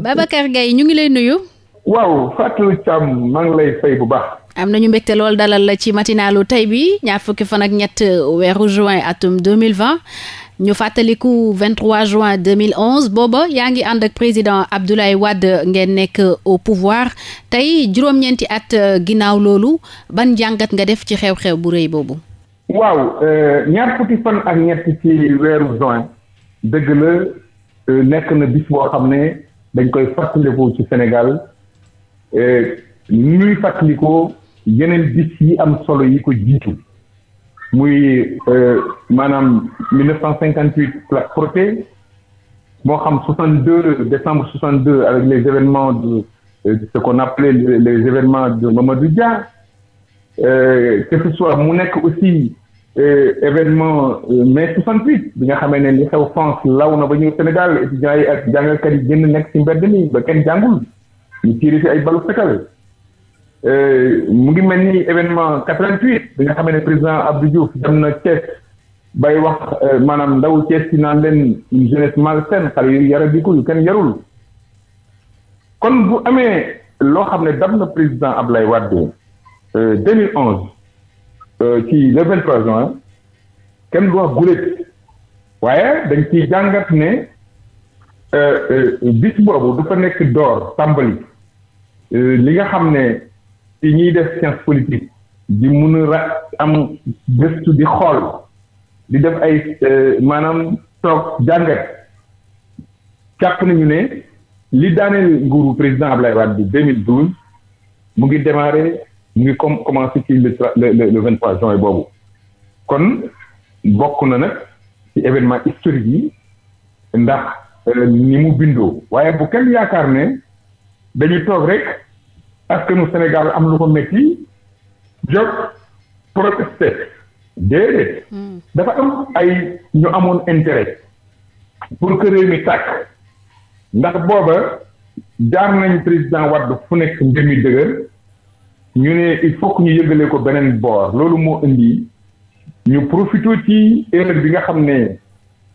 Babacar Gaye ñu ngi lay nuyu. waaw Fatou Thiam maa ngi lay fay bu baax. am nañu mbégte lool dalal la ci matinalu tey bi ñaar fukki fan ak ñett weeru juin atum deux mille vingt ñu fàttaliku 23 juin 2011 booba yaa ngi ànd ak président Abdoulaye Wade ngeen nekk au pouvoir tey juróom-ñeenti at euh, ginnaaw loolu ban jàngat nga def ci xew-xew bu rëy boobu. waaw euh, ñaar fukki fan ak ñett ci weeru juin dëgg la euh, nekk na bis boo xam ne. dañ koy fàttaliku ci Sénégal eh, ñuy fàttalikoo yeneen bis yi am solo yi ko jiitu muy eh, maanaam 1958 la Protet moo xam 62 décembre 62 avec les événements eh, de ce qu'on appelait les événements de Mamadou Dia que ce soit mu nekk aussi Euh, événement euh, mai 68 bi nga xamee ne li xew France law na ba ñëw Sénégal étudiants yi ak jàngalkat yi génn nekk ci mbedd mi ba kenn jàngul ñu tiiri ci ay balu fetal euh, mu ngi mel ni événement 88 bi nga xamee ne président Abdou Diouf dem na Thiès bay wax maanaam ndaw Thiès ci naan leen une jeunesse malsaine xale yu yara bi ko yu kenn yarul kon bu amee loo xam ne dam na président Ablaye Wade 2011 Euh, ci le 23 juin kenn du wax guléet waaye dañ ci jàngat ne euh, euh, bis boobu du fa nekk door tàmbali li nga xam ne ci ñuy def science politique di mun a am gëstu di xool di def ay maanaam toog jàngat jàpp nañu ne li daaneel nguuru président Ablaye Wade bi mu ngi démarré. mu ngi comme commencé ci le le vingt trois juin boobu kon bokk na nag ci événement historique yi ndax euh, ni mu bindoo waaye bu kenn yaakaar ne dañu toog rek askanu Sénégal am lu ko métti jóg protesté déedéet hmm. dafa am ay ñu amoon intérêt pour que mi tàkk ndax booba jaar nañ président Wade fu nekk mbir dëgër ñu ne il faut que ñu yëgalee ko beneen boor loolu moo indi ñu profité ci erreur bi nga xam ne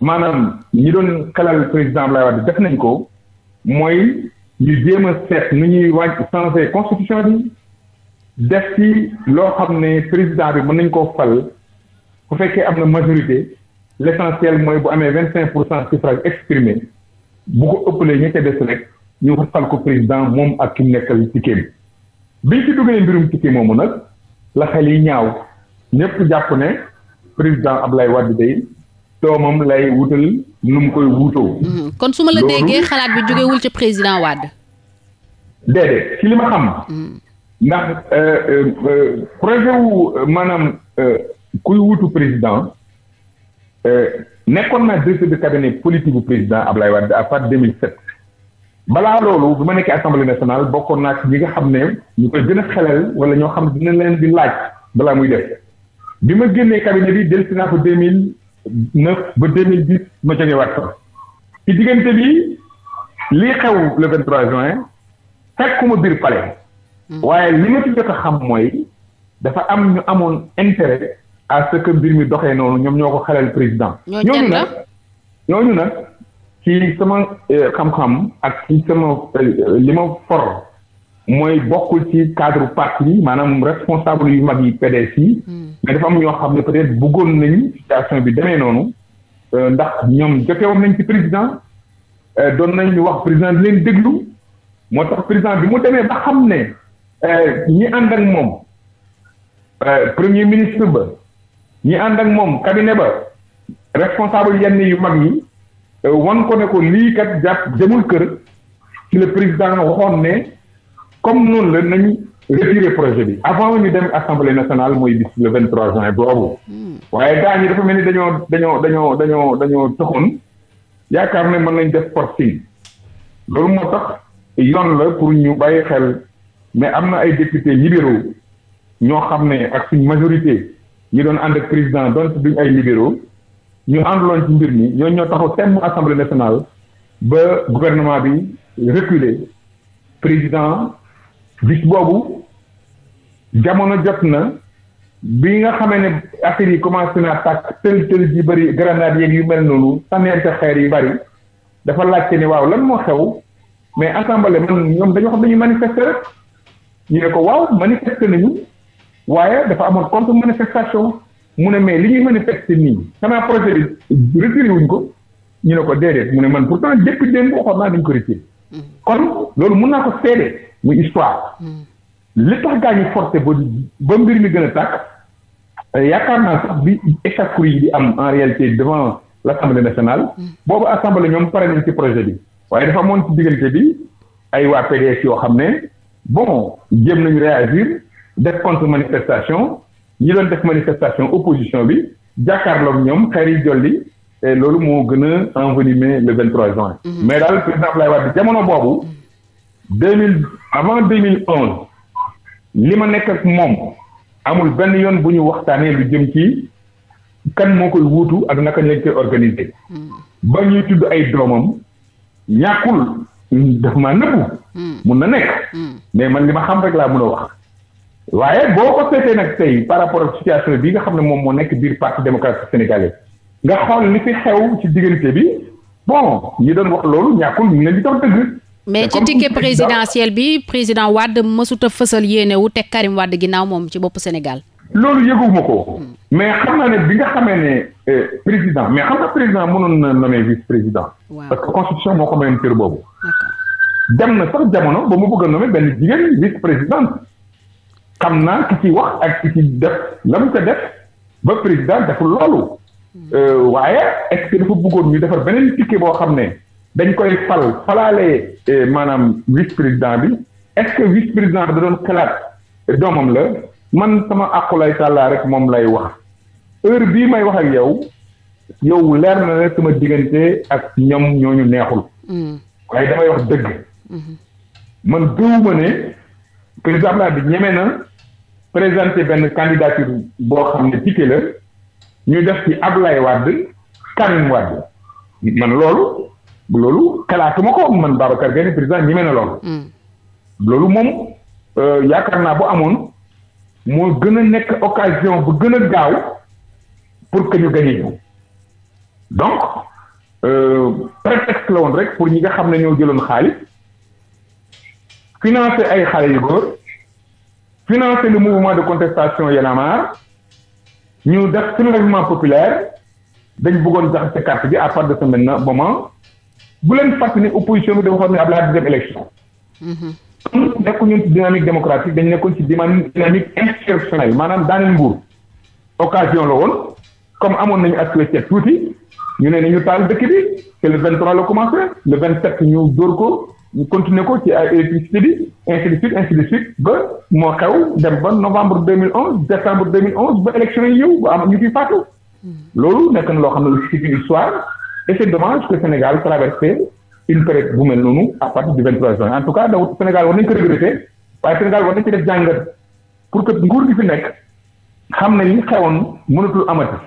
maanaam ñi doon xelal président Abdoulaye Wade def nañ ko mooy ñu jéem a seet nu ñuy wàññi changé constitution bi def ci loo xam ne président bi mën nañ koo fal bu fekkee am na majorité l' essentiel mooy bu amee vingt cinq pour cent suffrage exprimé bu ko ëppalee ña ca des rek ñu fal ko président moom ak ki mu nekkal ci kéem. biñ ci dugalee mbirum tukki moomu nag la xel yi ñaaw ñëpp jàpp ne président lay Wade day doomam lay wutal nu mu koy wuutoo. Mhm. kon su la déggee xalaat bi jógewul ci président Wade. déedéet ci li ma xam. Mhm. ndax euh, euh, euh, projet wu maanaam kuy wuutu président nekkoon naa directeur de cabinet politique bu président Ablaye Wade à partir 2007. balaa loolu bi ma nekkee assemblée nationale bokkoon naa ci ñi nga xam ne ñu koy gën a xelal wala ñoo xam dina leen di laaj balaa muy def bi ma génnee cabinet bi dellusi ko deux mille neuf ba deux mille dix ma jógee waat fa ci diggante bi lii xew le vingt trois juin fekkuma biir pale hmm. waaye li ma ci jot xam mooy dafa am ñu amoon intérêt à ce que mbir mi doxee noonu ñoom ñoo ko xelal président ñooñu nag ñooñu nag ci sama euh, xam-xam ak ci sama euh, li ma for mooy bokkul ci cadre parti maanaam responsable yu mag yi PDS yi hmm. mais dafa am ñoo xam ne peut-être bëggoon nañu situation bi demee noonu euh, ndax ñoom jote woon nañ ci président doon nañ wax président di leen déglu moo tax président bi mu demee ba xam ne ñi ànd ak moom premier ministre ba ñi ànd ak moom cabinet ba responsable yenn yu mag yi wan ko ne ko lii kat jàpp jëmul kër ci le président waxoon ne comme noonu la nañ retirer projet bi avant ñu dem assemblée nationale mooy bis le vingt trois juin boobu hmm. waaye gaa ñi dafa mel ni dañoo dañoo dañoo dañoo dañoo taxoon yaakaar ne mën nañ def forcing loolu moo tax yoon la pour ñu bàyyi xel mais am na ay députés libéraux ñoo xam ne ak suñ majorité ñi doon ànd ak président donte duñ ay libéraux ñu àndaloon ci mbir mi ñooñu ñoo taxaw temm assemblée nationale ba gouvernement bi reculer président bis boobu jamono jot na bi nga xamee ne affaire yi commencé naa tàkk tël tël ji bëri grenade yeeg yu mel noonu sànneente xeer yi bëri dafa laajte ne waaw lan moo xew mais assemblée man ñoom dañoo xam dañuy manifester rek ñu ne ko waaw manifester nañu waaye dafa amoon contre manifestation mu ne mais li ñuy manifester nii xanaa projet bi retiré wuñ ko ñu ne ko déedéet mu ne man pourtant depuis démb waxoon naa dañ ko retiré mm. kon loolu mun naa ko seede muy histoire mm. li tax gaa ñu forcé ba ba mbir mi gën a tàkk yaakaar naa sax bi échauffourée di am en réalité devant l' assemblée nationale mm. boobu assemblée ñoom pare nañ ci projet bi waaye dafa amoon ci diggante bi ay waa PDS yoo xam ne bon jéem nañu réagir def contre manifestation ñi doon def manifestation opposition bi jàkkaarloog ñoom xeer yi jolli te loolu moo gën a envenimé le 23 juin. Mhm. mais daal président Abdoulaye Wade jamono boobu. 2000 mhm. avant 2011 li ma nekk ak moom amul benn yoon bu ñu waxtaanee lu jëm ci kan moo koy wuutu ak naka lañ koy organiser. Mhm. ba ñuy tudd ay doomam ñàkkul daf maa nëbbu. mun na nekk. mais man li ma xam rek laa mun a wax. waaye boo ko seetee nag tey par rapport ak situation bi nga xam ne moom moo nekk biir parti démocratique sénégalais nga xool li fi xew ci diggante bi bon ñi doon wax loolu ñàkkul ñu ne li tax dëgg. mais ci ticket présidentiel bi président Wade mësut a fësal yéene wu teg Karim Wade ginnaaw moom ci bopp Sénégal. loolu yëguma ko. Hmm. mais xam naa ne bi nga xamee ne euh, président mais xam nga président mënoon na nommer vice président. parce que constitution moo ko mayoon cër boobu. na sax jamono ba a nommer benn jigéen xam naa ki ci wax ak ki ci def la mu ko def ba président deful loolu euh, waaye est-ce que dafa bëggoon ñu defar beneen ticket boo xam ne dañ koy fal falaale euh, maanaam vice président bi est-ce que vice président bi da doon xalaat doomam la man sama àqulay sàllaa rek moom lay wax heure bii may wax ak yow yow leer na ne sama diggante ak ñoom ñu neexul hmm. waaye damay wax dëgg hmm. man gëwuma ne président bi ñeme na présenté benn candidature boo xam ne ticket la ñu def ci Ablaye Wade Karim Wade man loolu loolu xalaatuma ko man Babacar Gueye président ñi mel ne loolu. Hmm. loolu moom euh, yaakaar naa bu amoon moo gën a nekk occasion bu gën a gaaw pour que ñu gagné ñu donc euh, prétexte la woon rek pour ñi nga xam ne ñoo jëloon xaalis financer ay xale yu góor. financer le mouvement de contestation Y'en a marre ñu def soulèvement populaire dañ bëggoon jaxase carte bi à part de ce maintenant moment bu leen fàttali ne opposition bi dafa xam ne Abdoulaye di dem élection. Mhm. kon nekku dañ nekkoon ci dynamique insurrectionnelle maanaam daaneel nguur occasion la amoon nañu assuré ceeb tuuti ñu ne nañu taal dëkk bi te le 23 la commencé le 27 ñu dóor ñu continuer ko ci ay électricité bi ainsi ba moo xew dem ba novembre deux mille onze décembre deux mille onze ba élection yi ñëw ba am ñu fiy faatu loolu nekk na loo xam ne c'est une histoire et c'est dommage que Sénégal traversé une période bu mel noonu à partir du 23 juin en tout cas daw Sénégal war nañu ko regretter waaye Sénégal war nañu ci def jàngat pour que nguur gi fi nekk xam na li xewoon mënatul amati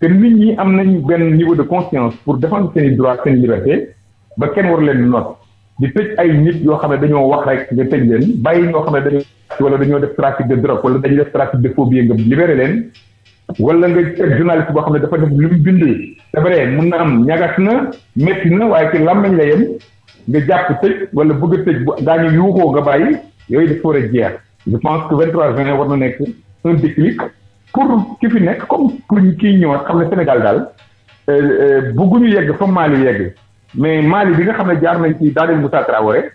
te ni ñi am nañu benn niveau de conscience pour défendre seen i ba kenn war leen di noot di tëj ay nit yoo xam ne dañoo wax rek nga tëj leen bàyyi ñoo xam ne dañoo wala dañoo def trafic de drogue wala dañuy def trafic de faux billets nga libéré leen wala nga teg journaliste boo xam ne dafa def lu mu bindee c'est vrai mun na am ñagas na métti na waaye ci làmmañ la yem nga jàpp tëj wala bëgg a tëj bu daañu yuuxoo nga bàyyi yooyu dafa war a jeex je pense que 23 juin war na nekk un déclic pour ki fi nekk comme pour kii ñëwaat xam ne Sénégal daal euh, euh, bëgguñu yegg fa Mali yegg. mais Mali bi nga xam ne jaar nañ ci daaneel Moussa Traoré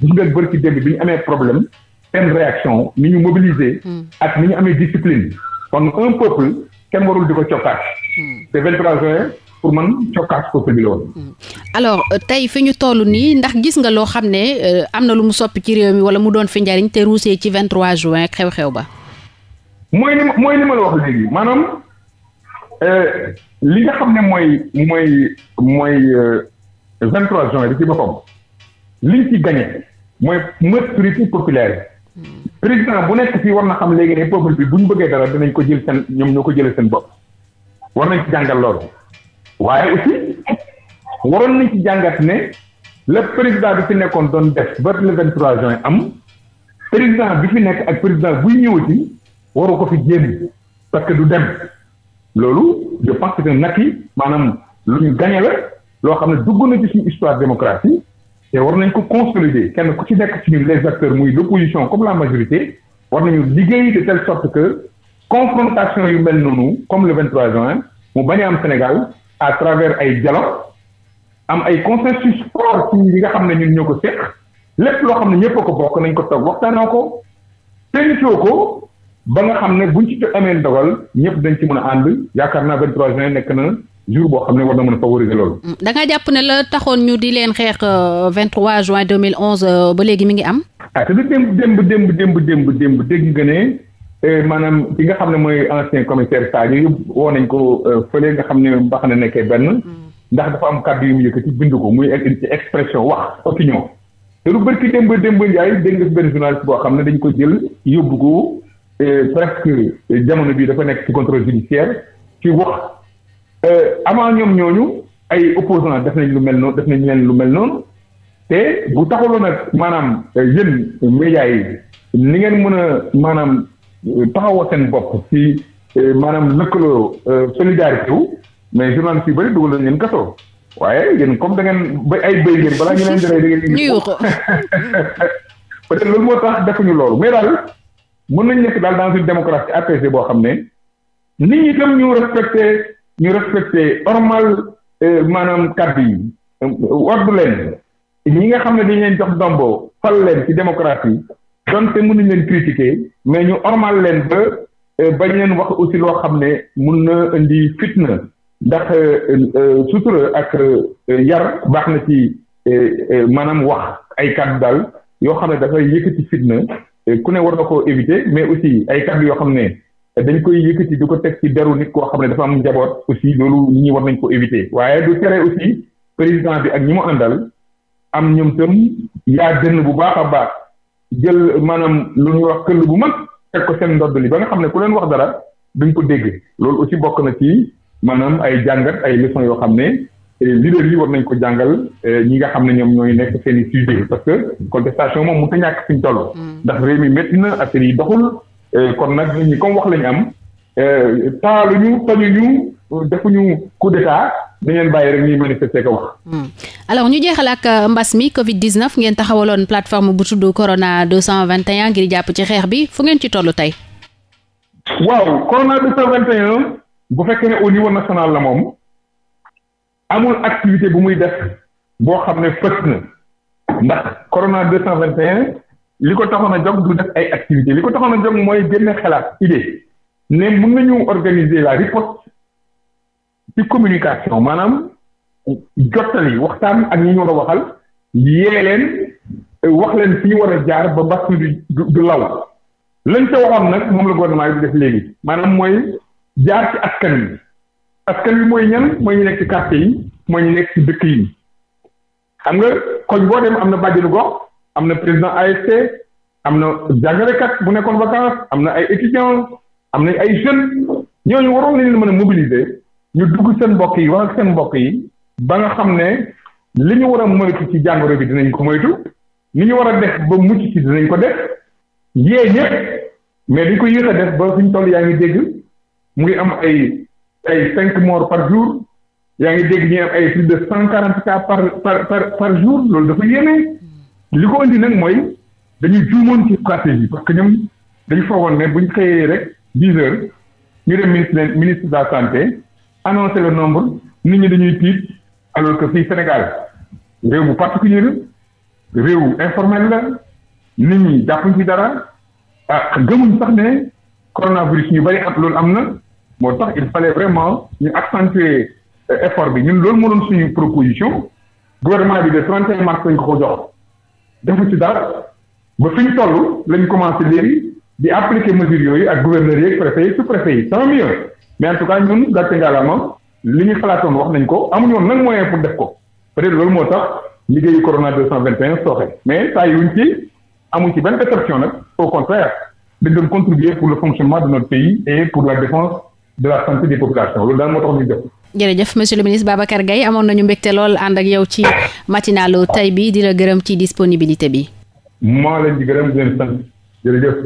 gis ngeen bër ci démb bi ñu amee problème seen réaction ni ñu mobiliser. ak ni ñu amee discipline. kon un peuple kenn warul di ko cokkaas. te 23 juin pour man cokkaas peuple bi la woon. alors euh, tey fi ñu toll nii ndax gis nga loo xam ne euh, am na lu mu soppi ci réew mi wala mu doon fi njariñ te ruusee ci 23 join xew-xew ba. mooy ni wax léegi maanaam euh, li nga xam ne mooy mooy mooy. 23 juin bi ci boppam liñ ci gagné mooy maturité populaire hmm. président bu nekk fii war na xam léegi ne peuple bi bu ñu bëggee dara dinañ ko jël seen ñoom ñoo ko jëlee seen bopp war nañ ci jàngal loolu waaye aussi waroon nañ ci jàngat ne le président bi fi nekkoon doon def ba le 23 juin am président bi fi nekk ak président buy ñëwati waru ko fi jéem parce que du dem loolu je pense que nag yi maanaam lu ñu gagné la loo xam ne dugg na ci suñu histoire démocratie te war nañ ko consolider kenn ku ci nekk ci ñun les acteurs muy l'opposition comme la majorité war nañu liggéey de telle sorte que confrontation yu mel noonu comme le 23 juin mu bañ am Sénégal à travers ay dialogue am ay consensus fort ci li nga xam ne ñun ñoo ko séq lépp loo xam ne ñëpp a ko bokk nañ ko toog waxtaanoo ko pénitoo ko ba nga xam ne buñ ci amee ndogal ñëpp dañ ci mën a ànd yaakaar naa 23 nekk na jur boo xam ne war na mën a favoriser loolu. Mm, da nga jàpp ne la taxoon ñu di leen xeex 23 euh, juin 2011 euh, ba léegi mi ngi am. ah te du démb démb démb démb dégg nga ne euh, maanaam ki nga xam ne mooy ancien commissaire Sadio yëpp woo nañ ko fële nga xam ne mbax na nekkee benn. Mm. ndax dafa am kàddu yu mu ci bindu ko muy expression wax opinion. te lu bërki démb démb Ndiaye dégg nga fi benn journaliste boo xam ne dañ ko jël yóbbu ko presque jamono bii dafa nekk ci contrôle judiciaire ci wax. Euh, avant ñoom ñooñu ay opposants def nañ lu mel noonu def nañ leen lu mel noonu te bu taxawloon ak maanaam euh, yéen médias yi ni ngeen mën a maanaam euh, taxawa seen bopp ci maanaam lëkkaloo solidarité wu mais journaliste yu bëri dugal nañ leen kaso waaye yéen comme dangeen ngeen ba ay béy ngeen balaa ñu leen di rey da ngeen ñu ko peut être loolu moo tax defuñu loolu mais daal mën nañ nekk daal dans une démocratie apaisée boo xam ne nit ñi tam ñu respecté ñu respecté normal euh, maanaam kàddu yi euh, waddu leen ñi nga xam ne di leen jox ndombo fal leen ci démocratie mun mënuñ leen critiquer mais ñu ormal leen ba euh, bañ leen wax aussi loo xam ne mun na indi fitna ndax sutura ak yar baax na ci maanaam wax ay kàddu daal yoo xam ne dafay yëkkati fitna ku ne war na koo éviter mais aussi ay kàddu yoo xam ne dañ koy yëkkati du ko teg ci deru nit koo xam ne dafa am njaboot aussi loolu nit ñi war nañ ko éviter waaye du tere aussi président bi ak ñi mu àndal am ñoom tam yaa dënn bu baax a baax jël maanaam lu ñuy wax këll bu mag teg ko seen ndodd li ba nga xam ne ku leen wax dara duñ ko dégg loolu aussi bokk na ci maanaam ay jàngat ay leçons yoo xam ne eh, leader lii war nañ ko jàngal eh, ñi nga xam ne ñoom ñooy nekk seen i sujet parce que contestation moom mënut a ñàkk fi ñu Euh, kon nag nit ñi comme wax lañu am euh, taaluñu tañuñu defuñu coup d'état dañ leen bàyyi rek ñuy manifester ko wax. Hmm. alors ñu jeexal ak euh, mbas mi Covid 19 ngeen taxawaloon plateforme bu tudd Corona 221 ngir jàpp ci xeex bi fu ngeen ci tollu tey. waaw Corona 221 bu fekkee ne au niveau national la moom amul activité bu muy def boo xam ne fës na ndax Corona 221. li ko taxoon a jóg du def ay activité li ko taxoon a jóg mooy génne xalaat idée ne mën nañu organiser la riposte ci communication maanaam jottali waxtaan ak ñi ñu war a waxal yee leen wax leen fi ñu war a jaar ba mbas mi du du law lañ ca waxoon nag moom la gouvernement bi def léegi maanaam mooy jaar ci askan wi askan wi mooy ñan mooy ñu nekk ci quartier yi mooy ñu nekk ci dëkk yi xam nga koñ boo dem am na bàjjenu ko am na président ASC am na jàngalekat bu nekkoon vacance am na ay étudiants am na ay jeunes ñu waroon nañu mën a mobiliser ñu dugg seen mbokk yi wax ak seen mbokk yi ba nga xam ne li ñu war a moytu ci jàngoro bi dinañ ko moytu li ñu war a def ba mucc ci dinañ ko def yee ñëpp mais dañ ko yéex a def ba ñu toll yaa ngi dégg mu ngi am ay ay cinq morts par jour yaa ngi dégg ñu am ay plus de cent quarante cas par par par jour loolu dafa yéeme. li ko indi nag mooy dañuy juumoon ci bi parce que ñoom dañu foogoon ne buñ xëyee rek dix heures ñu dem ministre ministre de la santé annoncer le nombre nit ñi dañuy tiit alors que fii Sénégal réew bu particulier la réew informel la nit ñi jàppuñ ci dara ah gëmuñ sax ne coronavirus ñu bari at loolu am na moo tax il fallait vraiment ñu accentuer euh, effort bi ñun loolu moo doon suñu proposition gouvernement bi de 31 mars lañ ko ko jox defu ci dara ba fi ñu toll lañ commencé léegi di appliquer mesures yooyu ak gouverneurs yeeg préfet yi sous préfet yi cent millions mais en tout cas ñun gàcce ngalaama li ñu xalaatoon wax nañ ko amuñu woon nag moyen pour def ko peut-être loolu moo tax liggéeyu corona 221 sooxe mais saa yuñ ci amuñ ci benn déception nag au contraire dañ doon contribuer pour le fonctionnement de notre pays et pour la défense de la santé des populations loolu daal moo tax ñu jërëjëf monsieur le ministre Babacar Gaye amoon nañu mbégte lool ànd ak yow ci matinalu tey bi dina gërëm ci disponibilité bi. maa leen di gërëm di leen jërëjëf.